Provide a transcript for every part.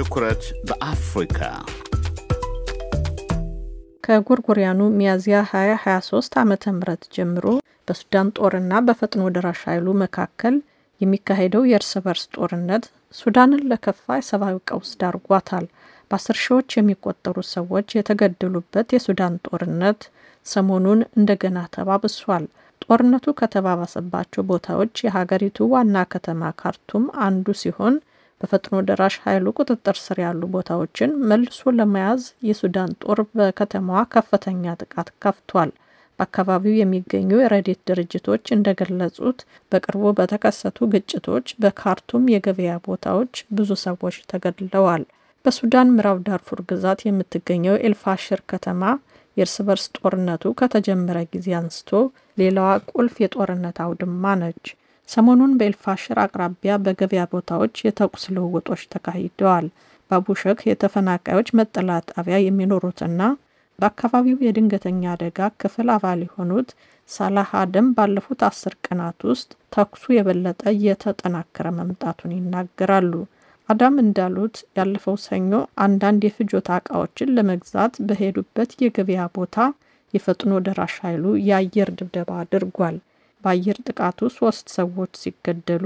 ትኩረት በአፍሪካ ከጎርጎሪያኑ ሚያዝያ 2023 ዓ ም ጀምሮ በሱዳን ጦርና በፈጥኖ ደራሽ ኃይሉ መካከል የሚካሄደው የእርስ በርስ ጦርነት ሱዳንን ለከፋ የሰብአዊ ቀውስ ዳርጓታል። በአስር ሺዎች የሚቆጠሩ ሰዎች የተገደሉበት የሱዳን ጦርነት ሰሞኑን እንደገና ተባብሷል። ጦርነቱ ከተባባሰባቸው ቦታዎች የሀገሪቱ ዋና ከተማ ካርቱም አንዱ ሲሆን በፈጥኖ ደራሽ ኃይሉ ቁጥጥር ስር ያሉ ቦታዎችን መልሶ ለመያዝ የሱዳን ጦር በከተማዋ ከፍተኛ ጥቃት ከፍቷል። በአካባቢው የሚገኙ የረዴት ድርጅቶች እንደገለጹት በቅርቡ በተከሰቱ ግጭቶች በካርቱም የገበያ ቦታዎች ብዙ ሰዎች ተገድለዋል። በሱዳን ምዕራብ ዳርፉር ግዛት የምትገኘው ኤልፋሽር ከተማ የእርስ በርስ ጦርነቱ ከተጀመረ ጊዜ አንስቶ ሌላዋ ቁልፍ የጦርነት አውድማ ነች። ሰሞኑን በኤልፋሽር አቅራቢያ በገበያ ቦታዎች የተኩስ ልውውጦች ተካሂደዋል። በአቡሸክ የተፈናቃዮች መጠለያ ጣቢያ የሚኖሩትና በአካባቢው የድንገተኛ አደጋ ክፍል አባል የሆኑት ሳላህ አደም ባለፉት አስር ቀናት ውስጥ ተኩሱ የበለጠ እየተጠናከረ መምጣቱን ይናገራሉ። አዳም እንዳሉት ያለፈው ሰኞ አንዳንድ የፍጆታ ዕቃዎችን ለመግዛት በሄዱበት የገበያ ቦታ የፈጥኖ ደራሽ ኃይሉ የአየር ድብደባ አድርጓል። በአየር ጥቃቱ ሶስት ሰዎች ሲገደሉ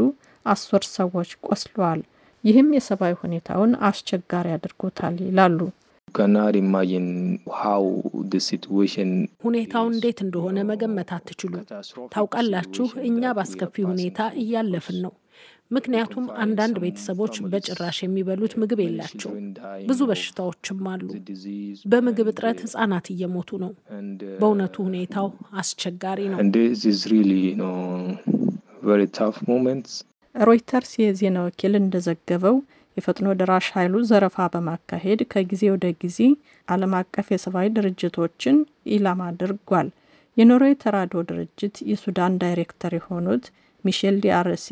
አስር ሰዎች ቆስለዋል። ይህም የሰብአዊ ሁኔታውን አስቸጋሪ አድርጎታል ይላሉ። ሁኔታው እንዴት እንደሆነ መገመት አትችሉ። ታውቃላችሁ፣ እኛ በአስከፊ ሁኔታ እያለፍን ነው። ምክንያቱም አንዳንድ ቤተሰቦች በጭራሽ የሚበሉት ምግብ የላቸው። ብዙ በሽታዎችም አሉ። በምግብ እጥረት uh, ህጻናት እየሞቱ ነው። uh, በእውነቱ ሁኔታው አስቸጋሪ ነው። ሮይተርስ የዜና ወኪል እንደዘገበው የፈጥኖ ደራሽ ኃይሉ ዘረፋ በማካሄድ ከጊዜ ወደ ጊዜ ዓለም አቀፍ የሰብአዊ ድርጅቶችን ኢላማ አድርጓል። የኖርዌይ ተራድኦ ድርጅት የሱዳን ዳይሬክተር የሆኑት ሚሼል ዲአርሲ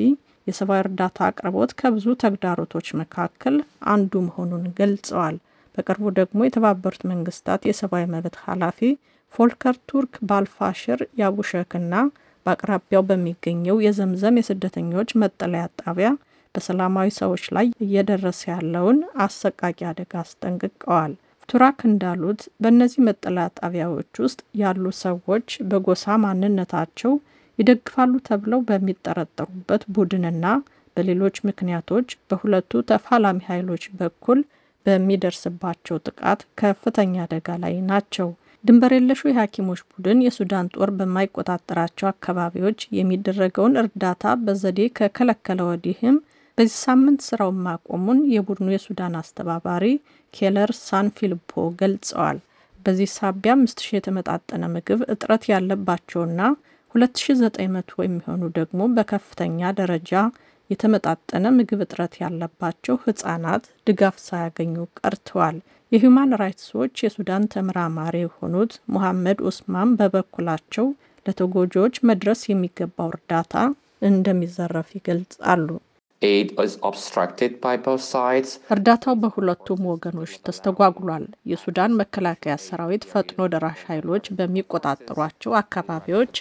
የሰብአዊ እርዳታ አቅርቦት ከብዙ ተግዳሮቶች መካከል አንዱ መሆኑን ገልጸዋል። በቅርቡ ደግሞ የተባበሩት መንግስታት የሰብአዊ መብት ኃላፊ ፎልከር ቱርክ ባልፋሽር ያቡሸክና በአቅራቢያው በሚገኘው የዘምዘም የስደተኞች መጠለያ ጣቢያ በሰላማዊ ሰዎች ላይ እየደረሰ ያለውን አሰቃቂ አደጋ አስጠንቅቀዋል። ቱራክ እንዳሉት በእነዚህ መጠለያ ጣቢያዎች ውስጥ ያሉ ሰዎች በጎሳ ማንነታቸው ይደግፋሉ ተብለው በሚጠረጠሩበት ቡድንና በሌሎች ምክንያቶች በሁለቱ ተፋላሚ ኃይሎች በኩል በሚደርስባቸው ጥቃት ከፍተኛ አደጋ ላይ ናቸው። ድንበር የለሹ የሐኪሞች ቡድን የሱዳን ጦር በማይቆጣጠራቸው አካባቢዎች የሚደረገውን እርዳታ በዘዴ ከከለከለ ወዲህም በዚህ ሳምንት ስራውን ማቆሙን የቡድኑ የሱዳን አስተባባሪ ኬለር ሳንፊልፖ ገልጸዋል። በዚህ ሳቢያ አምስት ሺህ የተመጣጠነ ምግብ እጥረት ያለባቸውና 2900 የሚሆኑ ደግሞ በከፍተኛ ደረጃ የተመጣጠነ ምግብ እጥረት ያለባቸው ህጻናት ድጋፍ ሳያገኙ ቀርተዋል። የሁማን ራይትስ ዎች የሱዳን ተመራማሪ የሆኑት ሙሐመድ ኡስማን በበኩላቸው ለተጎጂዎች መድረስ የሚገባው እርዳታ እንደሚዘረፍ ይገልጻሉ። እርዳታው በሁለቱም ወገኖች ተስተጓጉሏል። የሱዳን መከላከያ ሰራዊት ፈጥኖ ደራሽ ኃይሎች በሚቆጣጠሯቸው አካባቢዎች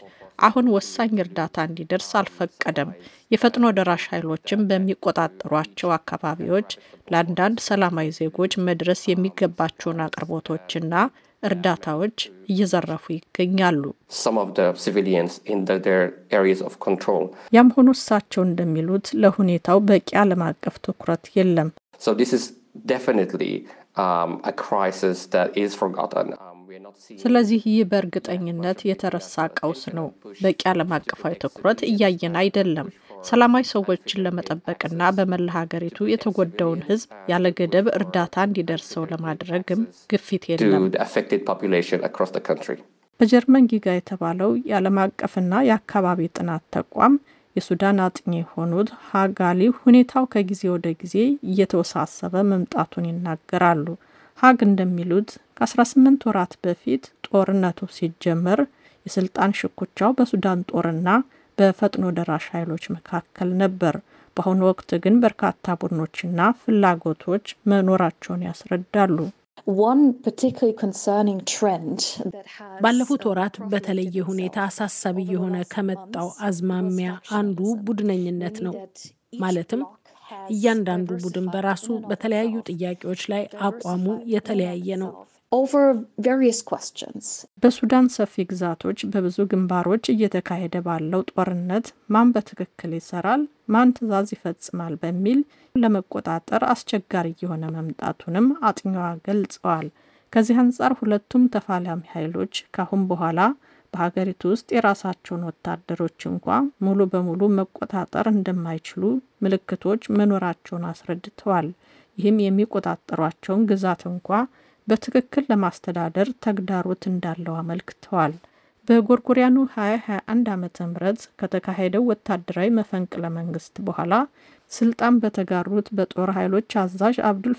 አሁን ወሳኝ እርዳታ እንዲደርስ አልፈቀደም። የፈጥኖ ደራሽ ኃይሎችም በሚቆጣጠሯቸው አካባቢዎች ለአንዳንድ ሰላማዊ ዜጎች መድረስ የሚገባቸውን አቅርቦቶችና እርዳታዎች እየዘረፉ ይገኛሉ። ያም ሆኖ እሳቸው እንደሚሉት ለሁኔታው በቂ ዓለም አቀፍ ትኩረት የለም። ስለዚህ ይህ በእርግጠኝነት የተረሳ ቀውስ ነው። በቂ ዓለም አቀፋዊ ትኩረት እያየን አይደለም። ሰላማዊ ሰዎችን ለመጠበቅና በመላ ሀገሪቱ የተጎዳውን ሕዝብ ያለ ገደብ እርዳታ እንዲደርሰው ለማድረግም ግፊት የለም። በጀርመን ጊጋ የተባለው የዓለም አቀፍና የአካባቢ ጥናት ተቋም የሱዳን አጥኚ የሆኑት ሀጋሊ ሁኔታው ከጊዜ ወደ ጊዜ እየተወሳሰበ መምጣቱን ይናገራሉ። ሀግ እንደሚሉት ከ18 ወራት በፊት ጦርነቱ ሲጀመር የስልጣን ሽኩቻው በሱዳን ጦርና በፈጥኖ ደራሽ ኃይሎች መካከል ነበር። በአሁኑ ወቅት ግን በርካታ ቡድኖችና ፍላጎቶች መኖራቸውን ያስረዳሉ። ባለፉት ወራት በተለየ ሁኔታ አሳሳቢ የሆነ ከመጣው አዝማሚያ አንዱ ቡድነኝነት ነው። ማለትም እያንዳንዱ ቡድን በራሱ በተለያዩ ጥያቄዎች ላይ አቋሙ የተለያየ ነው። በሱዳን ሰፊ ግዛቶች በብዙ ግንባሮች እየተካሄደ ባለው ጦርነት ማን በትክክል ይሰራል፣ ማን ትዕዛዝ ይፈጽማል በሚል ለመቆጣጠር አስቸጋሪ የሆነ መምጣቱንም አጥኚዋ ገልጸዋል። ከዚህ አንጻር ሁለቱም ተፋላሚ ኃይሎች ካሁን በኋላ በሀገሪቱ ውስጥ የራሳቸውን ወታደሮች እንኳ ሙሉ በሙሉ መቆጣጠር እንደማይችሉ ምልክቶች መኖራቸውን አስረድተዋል። ይህም የሚቆጣጠሯቸውን ግዛት እንኳ በትክክል ለማስተዳደር ተግዳሮት እንዳለው አመልክተዋል። በጎርጎሪያኑ 2021 ዓ ም ከተካሄደው ወታደራዊ መፈንቅለ መንግስት በኋላ ስልጣን በተጋሩት በጦር ኃይሎች አዛዥ አብዱል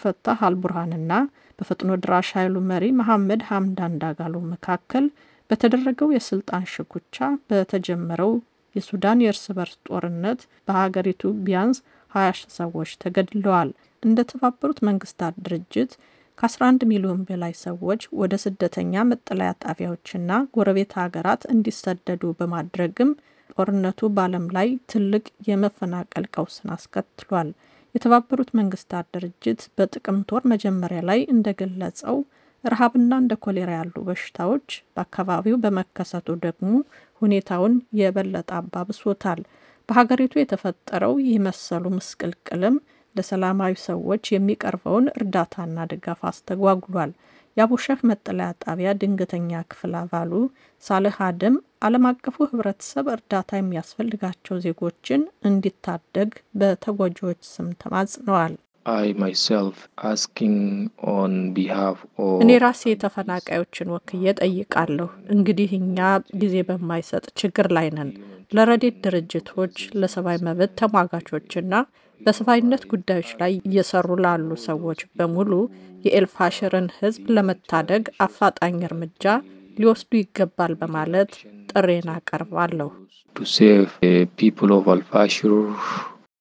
አልቡርሃንና በፈጥኖ ድራሽ ኃይሉ መሪ መሐመድ ሐምዳን ዳጋሎ መካከል በተደረገው የስልጣን ሽኩቻ በተጀመረው የሱዳን የእርስ በርስ ጦርነት በሀገሪቱ ቢያንስ 20 ሰዎች ተገድለዋል። እንደ ተባበሩት መንግስታት ድርጅት ከ11 ሚሊዮን በላይ ሰዎች ወደ ስደተኛ መጠለያ ጣቢያዎችና ጎረቤት ሀገራት እንዲሰደዱ በማድረግም ጦርነቱ በዓለም ላይ ትልቅ የመፈናቀል ቀውስን አስከትሏል። የተባበሩት መንግስታት ድርጅት በጥቅምት ወር መጀመሪያ ላይ እንደገለጸው ረሃብና እንደ ኮሌራ ያሉ በሽታዎች በአካባቢው በመከሰቱ ደግሞ ሁኔታውን የበለጠ አባብሶታል። በሀገሪቱ የተፈጠረው ይህ መሰሉ ምስቅልቅልም ለሰላማዊ ሰዎች የሚቀርበውን እርዳታና ድጋፍ አስተጓጉሏል። የአቡሸህ መጠለያ ጣቢያ ድንገተኛ ክፍል አባሉ ሳልህ አደም ዓለም አቀፉ ህብረተሰብ እርዳታ የሚያስፈልጋቸው ዜጎችን እንዲታደግ በተጎጂዎች ስም ተማጽነዋል። እኔ ራሴ ተፈናቃዮችን ወክዬ ጠይቃለሁ። እንግዲህ እኛ ጊዜ በማይሰጥ ችግር ላይ ነን። ለረዴት ድርጅቶች፣ ለሰብአዊ መብት ተሟጋቾችና በሰብአዊነት ጉዳዮች ላይ እየሰሩ ላሉ ሰዎች በሙሉ የኤልፋሽርን ህዝብ ለመታደግ አፋጣኝ እርምጃ ሊወስዱ ይገባል በማለት ጥሬን አቀርባለሁ።